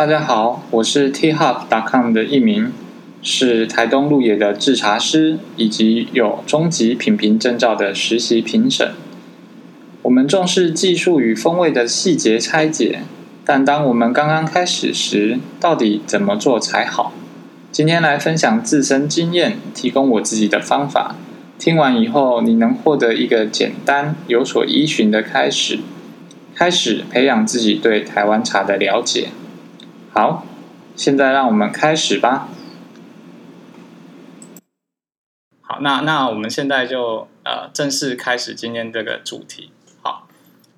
大家好，我是 Tea Hub. dot com 的一明，是台東鹿野的製茶師，以及有中級品評證照的實習評審。我們重視技術與風味的細節拆解，但當我們剛剛開始時，到底怎麼做才好？今天來分享自身經驗，提供我自己的方法。聽完以後，你能獲得一個簡單、有所依循的開始，開始培養自己對台灣茶的了解。好，現在讓我們開始吧。好，那那我們現在就呃正式開始今天這個主題。好，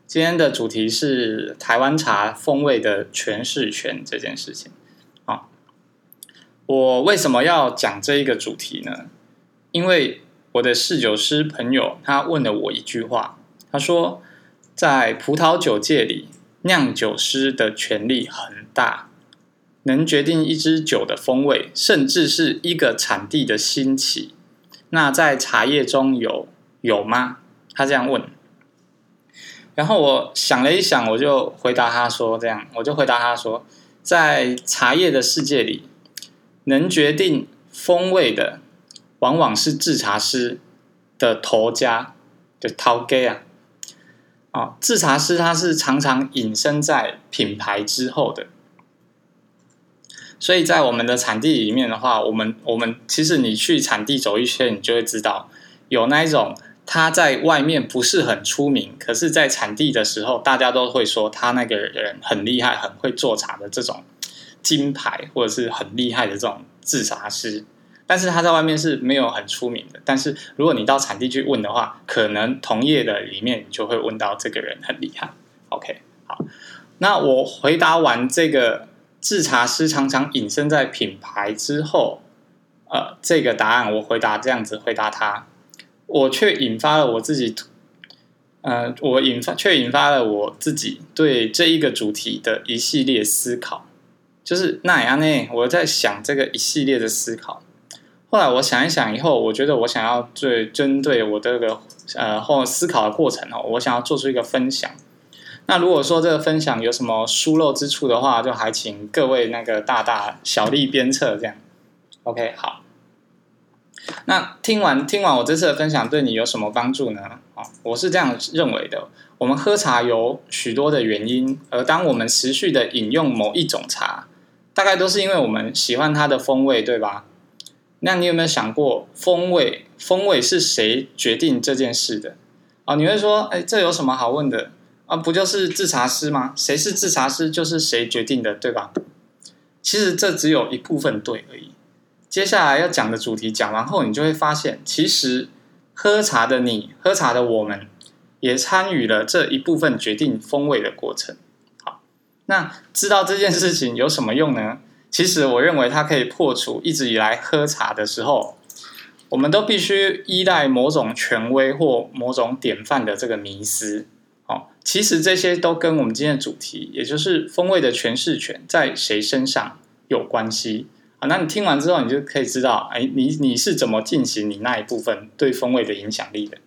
今天的主題是台灣茶風味的詮釋權這件事情。好，我為什麼要講這一個主題呢？因為我的侍酒師朋友他問了我一句話，他說，在葡萄酒界裡，釀酒師的權力很大。能決定一支酒的風味，甚至是一個產地的興起。那在茶葉中有有嗎？他這樣問。然後我想了一想，我就回答他說：“這樣，我就回答他說，在茶葉的世界裡，能決定風味的，往往是製茶師的頭家的頭家啊。哦，製茶師他是常常隱身在品牌之後的。”所以在我們的產地裡面的話，我們我們其實你去產地走一圈，你就會知道有那一種，他在外面不是很出名，可是，在產地的時候，大家都會說他那個人很厲害，很會做茶的這種金牌，或者是很厲害的這種製茶師，但是他在外面是沒有很出名的。但是如果你到產地去問的話，可能同業的裡面，你就會問到這個人很厲害。OK，好，那我回答完這個。製茶師常常隱身在品牌之後，呃，這個答案我回答這樣子回答他，我卻引發了我自己，呃，我引發卻引發了我自己對這一個主題的一系列思考，就是那樣內、啊，我在想這個一系列的思考，後來我想一想以後，我覺得我想要最針對我這個呃或思考的過程哦，我想要做出一個分享。那如果說這個分享有什麼疏漏之處的話，就還請各位那個大大、小力鞭策這樣。OK，好。那聽完聽完我這次的分享，對你有什麼幫助呢？啊、哦，我是這樣認為的。我們喝茶有許多的原因，而當我們持續的飲用某一種茶，大概都是因為我們喜歡它的風味，對吧？那你有沒有想過，風味風味是誰決定這件事的？啊、哦，你會說，哎，這有什麼好問的？啊，不就是製茶師嗎？誰是製茶師，就是誰決定的，對吧？其實這只有一部分對而已。接下來要講的主題講完後，你就會發現，其實喝茶的你，喝茶的我們，也參與了這一部分決定風味的過程。好，那知道這件事情有什麼用呢？其實我認為它可以破除一直以來喝茶的時候，我們都必須依賴某種權威或某種典範的這個迷思。其實這些都跟我們今天的主題，也就是風味的詮釋權在誰身上有關係。好，那你聽完之後，你就可以知道，哎，你你是怎麼進行你那一部分對風味的影響力的。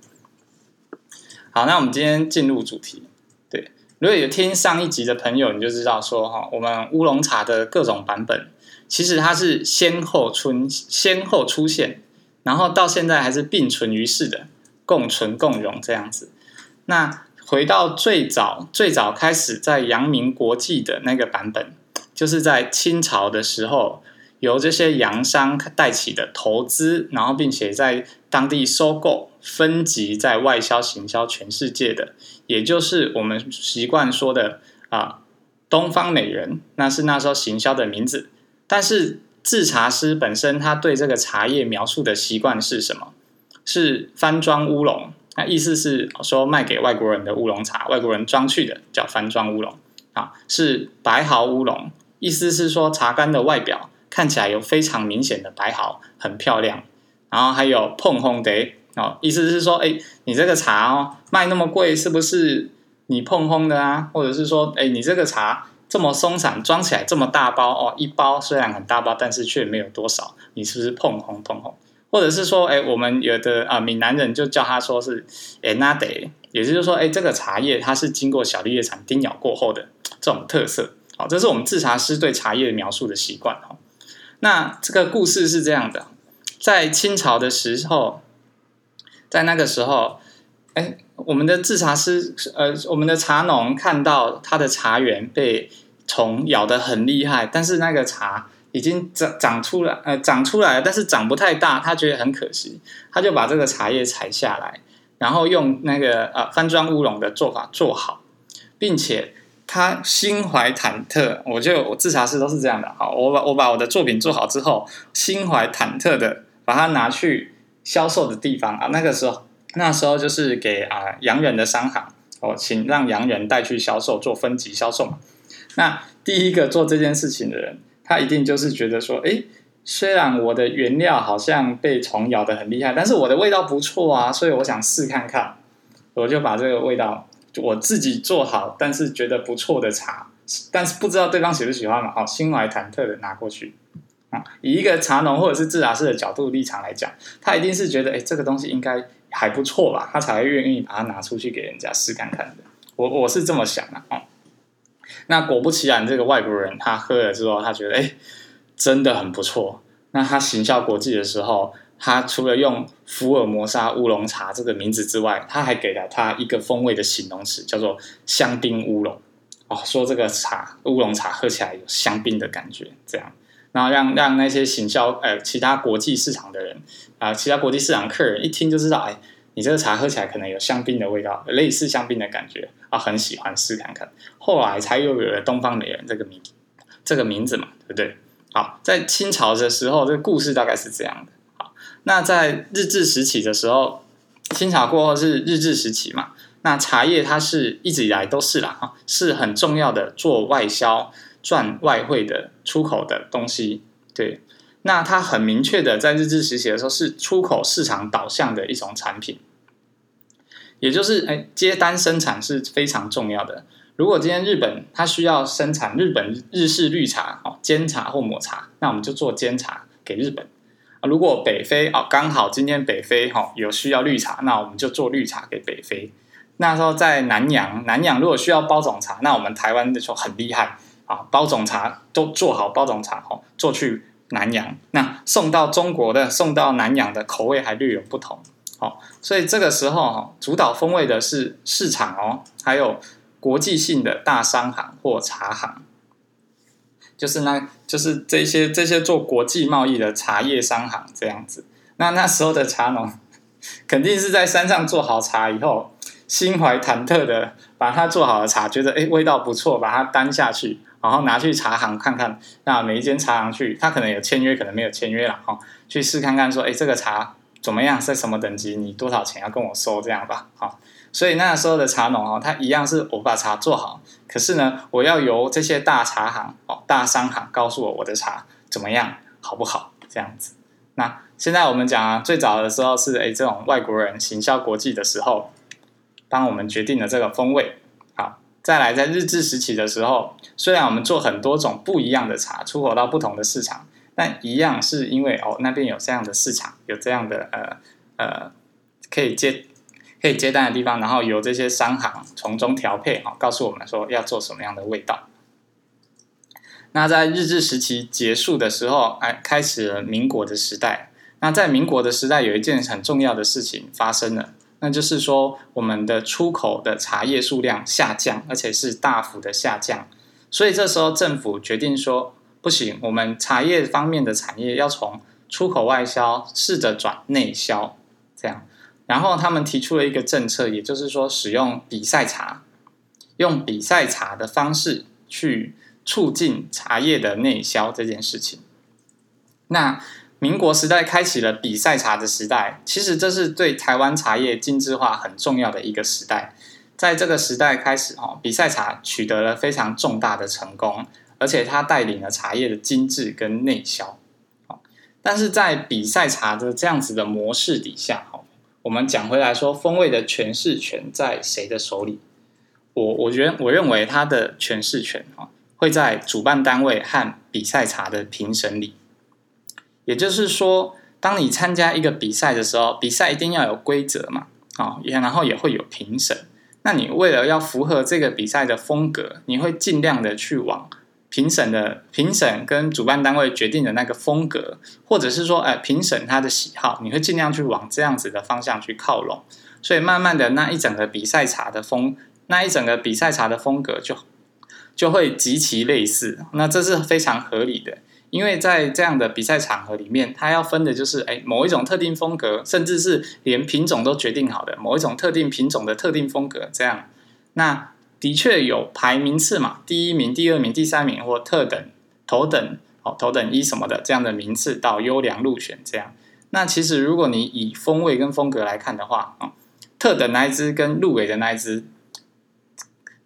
好，那我們今天進入主題。對，如果有聽上一集的朋友，你就知道說，哈，我們烏龍茶的各種版本，其實它是先後出先後出現，然後到現在還是並存於世的，共存共榮這樣子。那回到最早最早開始在陽明國際的那個版本，就是在清朝的時候，由這些洋商帶起的投資，然後並且在當地收購、分級，在外銷行銷全世界的，也就是我們習慣說的啊東方美人，那是那時候行銷的名字。但是製茶師本身他對這個茶葉描述的習慣是什麼？是番莊烏龍。那意思是說賣給外國人的烏龍茶，外國人裝去的叫番莊烏龍啊，是白毫烏龍。意思是說茶乾的外表看起來有非常明顯的白毫，很漂亮。然後還有碰烘的哦，意思是說，哎，你這個茶哦賣那麼貴，是不是你碰烘的啊？或者是說，哎，你這個茶這麼鬆散，裝起來這麼大包哦，一包雖然很大包，但是卻沒有多少，你是不是碰烘碰烘？或者是說，哎，我們有的啊、呃，閩南人就叫他說是，哎，那得，也就是說，哎，這個茶葉它是經過小綠葉蟬叮咬過後的這種特色，好、哦，這是我們製茶師對茶葉描述的習慣哦，那這個故事是這樣的，在清朝的時候，在那個時候，哎，我們的製茶師，呃，我們的茶農看到他的茶園被蟲咬得很厲害，但是那個茶。已經長長出來，呃，長出來，但是長不太大，他覺得很可惜，他就把這個茶葉採下來，然後用那個呃，番莊烏龍的做法做好，並且他心懷忐忑。我就我製茶師都是這樣的，好，我把我把我的作品做好之後，心懷忐忑地把它拿去銷售的地方啊。那個時候，那時候就是給啊、呃、洋人的商行，哦，請讓洋人帶去銷售，做分級銷售嘛。那第一個做這件事情的人。他一定就是覺得說，哎，雖然我的原料好像被蟲咬的很厲害，但是我的味道不錯啊，所以我想試看看，我就把這個味道就我自己做好，但是覺得不錯的茶，但是不知道對方喜不喜歡嘛、哦，心懷忐忑的拿過去，啊、嗯，以一個茶農或者是製茶師的角度立場來講，他一定是覺得，哎，這個東西應該還不錯吧，他才會願意把它拿出去給人家試看看的，我我是這麼想的、啊，嗯那果不其然，這個外國人他喝了之後，他覺得哎、欸，真的很不錯。那他行銷國際的時候，他除了用“福爾摩沙烏龍茶”這個名字之外，他還給了他一個風味的形容詞，叫做“香檳烏龍”。哦，說這個茶烏龍茶喝起來有香檳的感覺，這樣，然後讓讓那些行銷呃其他國際市場的人啊、呃，其他國際市場客人一聽就知道哎。欸你這個茶喝起來可能有香檳的味道，類似香檳的感覺啊，很喜歡，試看看。後來才又有了東方美人這個名，這個名字嘛，對不對？好，在清朝的時候，這個故事大概是這樣的。好，那在日治時期的時候，清朝過後是日治時期嘛，那茶葉它是一直以來都是啦，哈，是很重要的做外銷賺外匯的出口的東西，對。那它很明確的，在日治時期的時候是出口市場導向的一種產品，也就是哎接單生產是非常重要的。如果今天日本它需要生產日本日式綠茶哦，煎茶或抹茶，那我們就做煎茶給日本啊。如果北非哦，剛好今天北非哈有需要綠茶，那我們就做綠茶給北非。那時候在南洋，南洋如果需要包種茶，那我們台灣的時候很厲害啊，包種茶都做好包種茶哦，做去。南洋那送到中國的送到南洋的口味還略有不同，好、哦，所以這個時候哈，主導風味的是市場哦，還有國際性的大商行或茶行，就是那，就是這些這些做國際貿易的茶葉商行這樣子。那那時候的茶農肯定是在山上做好茶以後，心懷忐忑的把它做好的茶，覺得誒、欸、味道不錯，把它擔下去。然後拿去茶行看看，那每一間茶行去，他可能有簽約，可能沒有簽約了哈、哦，去試看看說，哎，這個茶怎麼樣，是什麼等級，你多少錢要跟我收這樣吧，好、哦，所以那時候的茶農哦，他一樣是我把茶做好，可是呢，我要由這些大茶行哦，大商行告訴我我的茶怎麼樣，好不好，這樣子。那現在我們講啊，最早的時候是哎，這種外國人行銷國際的時候，幫我們決定了這個風味。再來，在日治時期的時候，雖然我們做很多種不一樣的茶，出口到不同的市場，但一樣是因為哦，那邊有這樣的市場，有這樣的呃呃可以接可以接單的地方，然後由這些商行從中調配，哈、哦，告訴我們說要做什麼樣的味道。那在日治時期結束的時候，哎，開始了民國的時代。那在民國的時代，有一件很重要的事情發生了。那就是說，我們的出口的茶葉數量下降，而且是大幅的下降。所以這時候政府決定說，不行，我們茶葉方面的產業要從出口外銷試着轉內銷，這樣。然後他們提出了一個政策，也就是說，使用比賽茶，用比賽茶的方式去促進茶葉的內銷這件事情。那。民國時代開啟了比賽茶的時代，其實這是對台灣茶葉精緻化很重要的一個時代。在這個時代開始哦，比賽茶取得了非常重大的成功，而且它帶領了茶葉的精緻跟內銷。但是在比賽茶的這樣子的模式底下，哈，我們講回來說，風味的詮釋權在誰的手裡？我我覺得我認為它的詮釋權啊，會在主辦單位和比賽茶的評審裡。也就是說，當你參加一個比賽的時候，比賽一定要有規則嘛，哦，也然後也會有評審。那你為了要符合這個比賽的風格，你會盡量的去往評審的評審跟主辦單位決定的那個風格，或者是說，呃，評審他的喜好，你會盡量去往這樣子的方向去靠攏。所以，慢慢的，那一整個比賽茶的風，那一整個比賽茶的風格就就會極其類似。那這是非常合理的。因為在這樣的比賽場合裡面，它要分的就是哎某一種特定風格，甚至是連品種都決定好的某一種特定品種的特定風格這樣。那的確有排名次嘛，第一名、第二名、第三名或特等、頭等、哦頭等一什麼的這樣的名次到優良入選這樣。那其實如果你以風味跟風格來看的話，哦特等那一支跟入圍的那一支，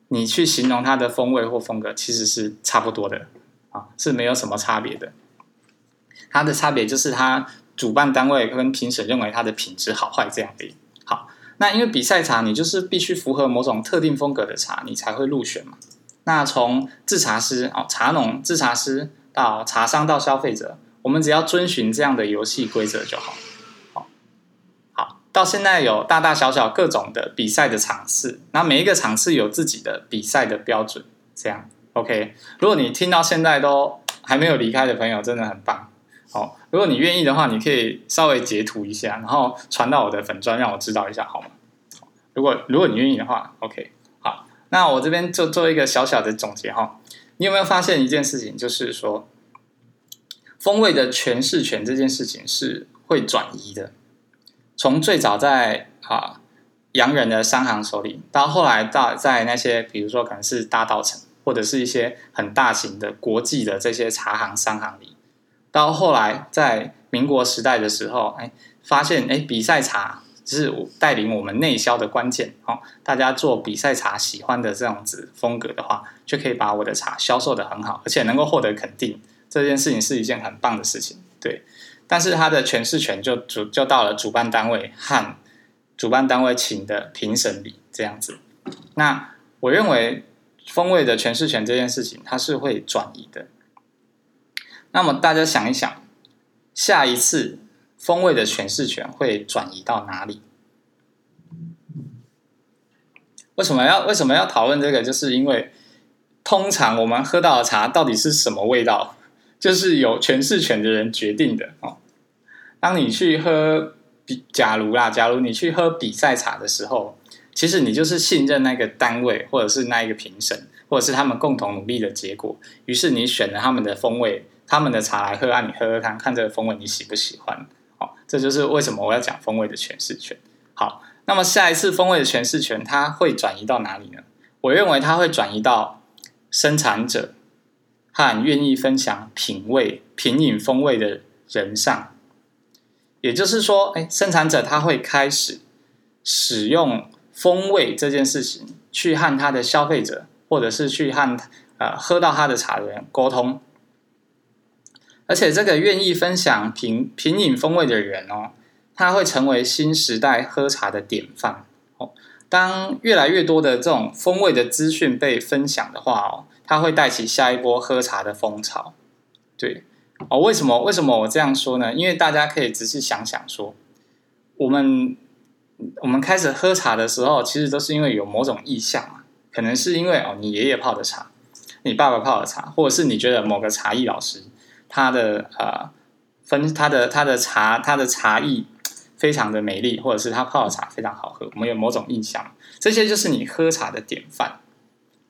你去形容它的風味或風格其實是差不多的。啊、哦，是沒有什麼差別的。它的差別就是它主辦單位跟評審認為它的品質好壞這樣的好，那因為比賽茶，你就是必須符合某種特定風格的茶，你才會入選嘛。那從製茶師哦，茶農、製茶師到茶商到消費者，我們只要遵循這樣的遊戲規則就好。好、哦，好，到現在有大大小小各種的比賽的場次，那每一個場次有自己的比賽的標準這樣。OK，如果你聽到現在都還沒有離開的朋友，真的很棒。好，如果你願意的話，你可以稍微截圖一下，然後傳到我的粉專，讓我知道一下，好嗎？如果如果你願意的話，OK。好，那我這邊就做一個小小的總結哈。你有沒有發現一件事情，就是說，風味的詮釋權這件事情是會轉移的，從最早在啊洋人的商行手裡，到後來到在那些比如說可能是大稻埕。或者是一些很大型的國際的這些茶行商行裡，到後來在民國時代的時候，哎，發現哎，比賽茶是帶領我們內銷的關鍵哦。大家做比賽茶喜歡的這樣子風格的話，就可以把我的茶銷售得很好，而且能夠獲得肯定，這件事情是一件很棒的事情。對，但是它的詮釋權就主就到了主辦單位和主辦單位請的評審裡這樣子。那我認為。風味的詮釋權這件事情，它是會轉移的。那麼大家想一想，下一次風味的詮釋權會轉移到哪裡？為什麼要為什麼要討論這個？就是因為通常我們喝到的茶到底是什麼味道，就是有詮釋權的人決定的哦。當你去喝比假如啦，假如你去喝比賽茶的時候。其實你就是信任那個單位，或者是那一個評審，或者是他們共同努力的結果。於是你選了他們的風味，他們的茶來喝，啊，讓你喝喝看，看，看這個風味你喜不喜歡？好，哦，這就是為什麼我要講風味的詮釋權。好，那麼下一次風味的詮釋權，它會轉移到哪裡呢？我認為它會轉移到生產者和願意分享品味，品飲風味的人上。也就是說，誒，生產者他會開始使用。風味這件事情，去和他的消費者，或者是去和呃喝到他的茶的人溝通，而且這個願意分享品品飲風味的人哦，他會成為新時代喝茶的典範哦。當越來越多的這種風味的資訊被分享的話哦，他會帶起下一波喝茶的風潮。對哦，為什麼為什麼我這樣說呢？因為大家可以仔細想想說，我們。我們開始喝茶的時候，其實都是因為有某種印象嘛，可能是因為哦，你爺爺泡的茶，你爸爸泡的茶，或者是你覺得某個茶藝老師他的呃分他的他的茶他的茶藝非常的美麗，或者是他泡的茶非常好喝，我們有某種印象，這些就是你喝茶的典範。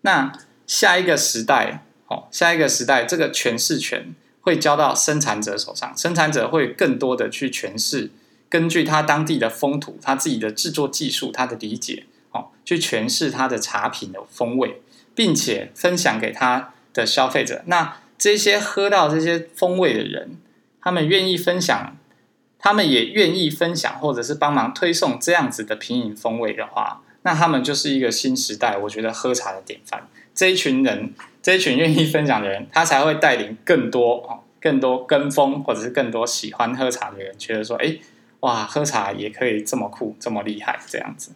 那下一個時代，哦，下一個時代，這個詮釋權會交到生產者手上，生產者會更多的去詮釋。根據他當地的風土，他自己的製作技術，他的理解，哦，去詮釋他的茶品的風味，並且分享給他的消費者。那這些喝到這些風味的人，他們願意分享，他們也願意分享，或者是幫忙推送這樣子的品飲風味的話，那他們就是一個新時代，我覺得喝茶的典範。這一群人，這一群願意分享的人，他才會帶領更多哦，更多跟風，或者是更多喜歡喝茶的人，覺得說，誒。哇，喝茶也可以這麼酷，這麼厲害，這樣子。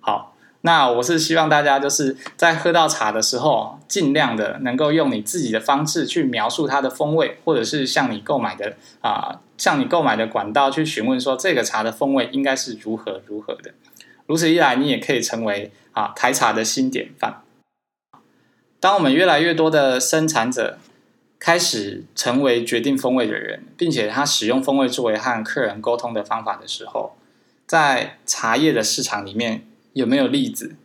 好，那我是希望大家就是在喝到茶的時候，盡量的能夠用你自己的方式去描述它的風味，或者是向你購買的啊，向你購買的管道去詢問說，這個茶的風味應該是如何如何的。如此一來，你也可以成為啊台茶的新典範。當我們越來越多的生產者，開始成為決定風味的人，並且他使用風味作為和客人溝通的方法的時候，在茶葉的市場裡面有沒有例子？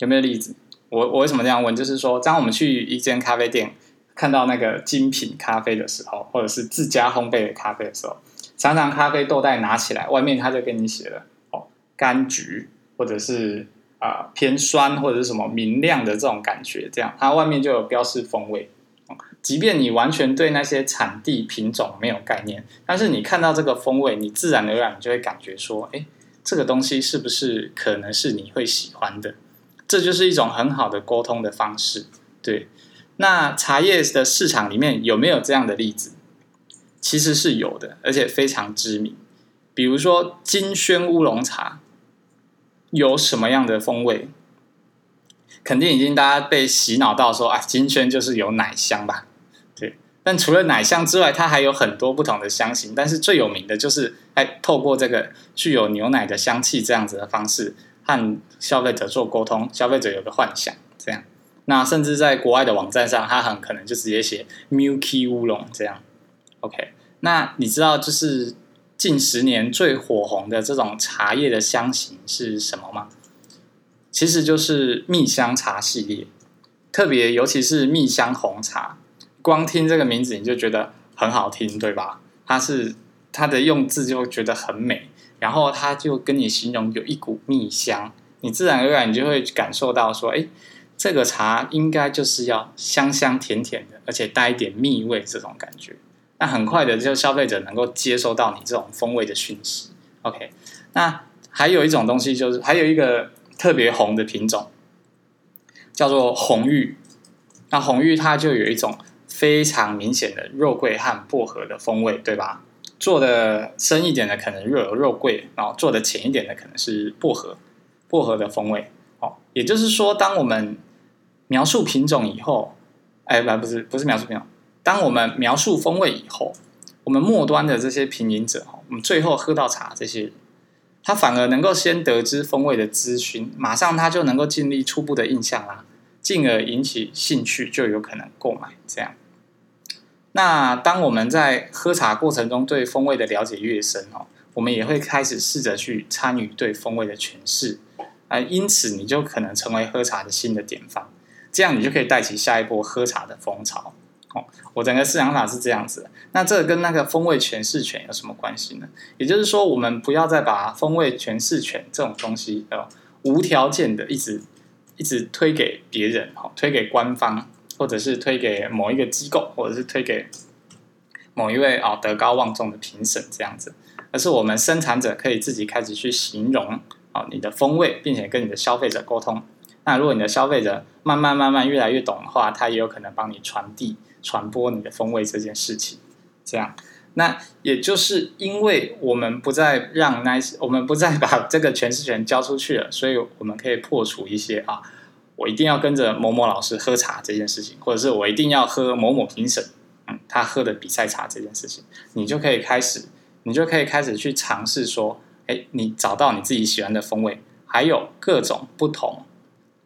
有沒有例子？我我為什麼這樣問？就是說，當我們去一間咖啡店看到那個精品咖啡的時候，或者是自家烘焙的咖啡的時候，常常咖啡豆袋拿起來，外面他就跟你寫了哦，柑橘，或者是啊、呃、偏酸，或者是什麼明亮的這種感覺，這樣它外面就有標示風味。即便你完全對那些產地品種沒有概念，但是你看到這個風味，你自然而然你就會感覺說，哎、欸，這個東西是不是可能是你會喜歡的？這就是一種很好的溝通的方式。對，那茶葉的市場裡面有沒有這樣的例子？其實是有的，而且非常知名。比如說金萱烏龍茶，有什麼樣的風味？肯定已經大家被洗腦到說啊，金萱就是有奶香吧。但除了奶香之外，它還有很多不同的香型。但是最有名的就是，哎，透過這個具有牛奶的香氣這樣子的方式，和消費者做溝通，消費者有個幻想。這樣，那甚至在國外的網站上，它很可能就直接寫 “Milky 烏龍”這樣。OK，那你知道就是近十年最火紅的這種茶葉的香型是什麼嗎？其實就是蜜香茶系列，特別尤其是蜜香紅茶。光聽這個名字你就覺得很好聽，對吧？它是它的用字就會覺得很美，然後它就跟你形容有一股蜜香，你自然而然你就會感受到說，哎，這個茶應該就是要香香甜甜的，而且帶一點蜜味這種感覺。那很快的就消費者能夠接受到你這種風味的訊息。OK，那還有一種東西就是還有一個特別紅的品種，叫做紅玉。那紅玉它就有一種。非常明顯的肉桂和薄荷的風味，對吧？做的深一點的可能又有肉桂，然後做的淺一點的可能是薄荷，薄荷的風味。好，也就是說，當我們描述品種以後，哎，不，不是，不是描述品種，當我們描述風味以後，我們末端的這些品飲者哈，我們最後喝到茶這些，他反而能夠先得知風味的資訊，馬上他就能夠建立初步的印象啦，進而引起興趣，就有可能購買這樣。那當我們在喝茶過程中對風味的了解越深哦，我們也會開始試着去參與對風味的詮釋啊，因此你就可能成為喝茶的新的典範，這樣你就可以帶起下一波喝茶的風潮哦。我整個思想法是這樣子的，那這跟那個風味詮釋權有什麼關係呢？也就是說，我們不要再把風味詮釋權這種東西哦，無條件的一直一直推給別人，推給官方。或者是推給某一個機構，或者是推給某一位啊、哦、德高望重的評審這樣子，而是我們生產者可以自己開始去形容啊、哦、你的風味，並且跟你的消費者溝通。那如果你的消費者慢慢慢慢越來越懂的話，他也有可能幫你傳遞、傳播你的風味這件事情。這樣，那也就是因為我們不再讓那些，我們不再把這個詮釋權交出去了，所以我們可以破除一些啊。我一定要跟着某某老師喝茶這件事情，或者是我一定要喝某某評審，嗯，他喝的比賽茶這件事情，你就可以開始，你就可以開始去嘗試說，哎，你找到你自己喜歡的風味，還有各種不同，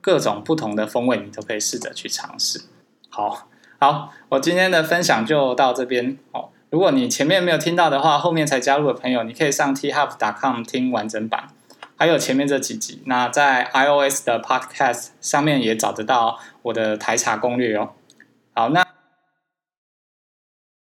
各種不同的風味，你都可以試着去嘗試。好，好，我今天的分享就到這邊哦。如果你前面沒有聽到的話，後面才加入的朋友，你可以上 TeaHub.com 聽完整版。還有前面這幾集，那在 iOS 的 Podcast 上面也找得到我的台茶攻略哦。好，那。